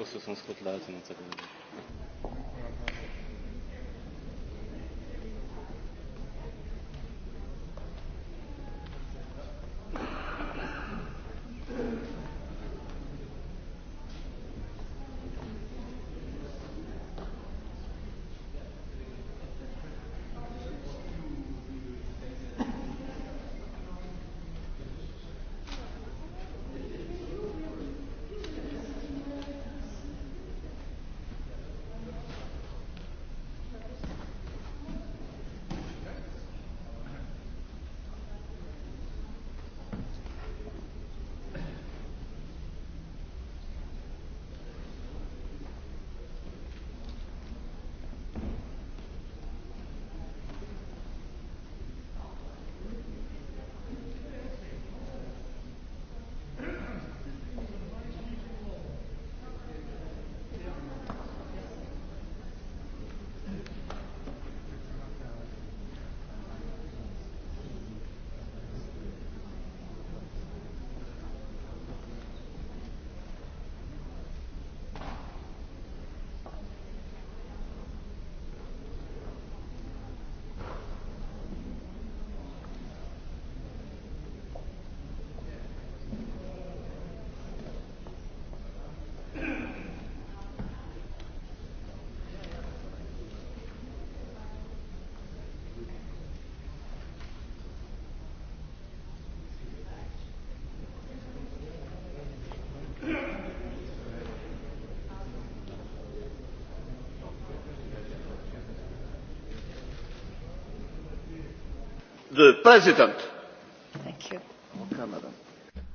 ausrüstungsgrundlage sind und so weiter.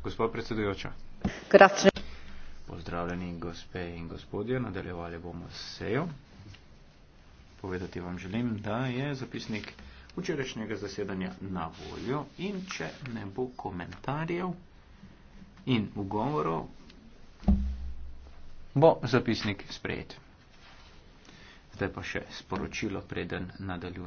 gospa predsedujoča pozdravljeni gospe in gospodje nadaljevali bomo s sejo povedati vam želim da je zapisnik včerajšnjega zasedanja na voljo in če ne bo komentarjev in ugovorov bo zapisnik sprejet zdaj pa še sporočilo preden nadaljujemo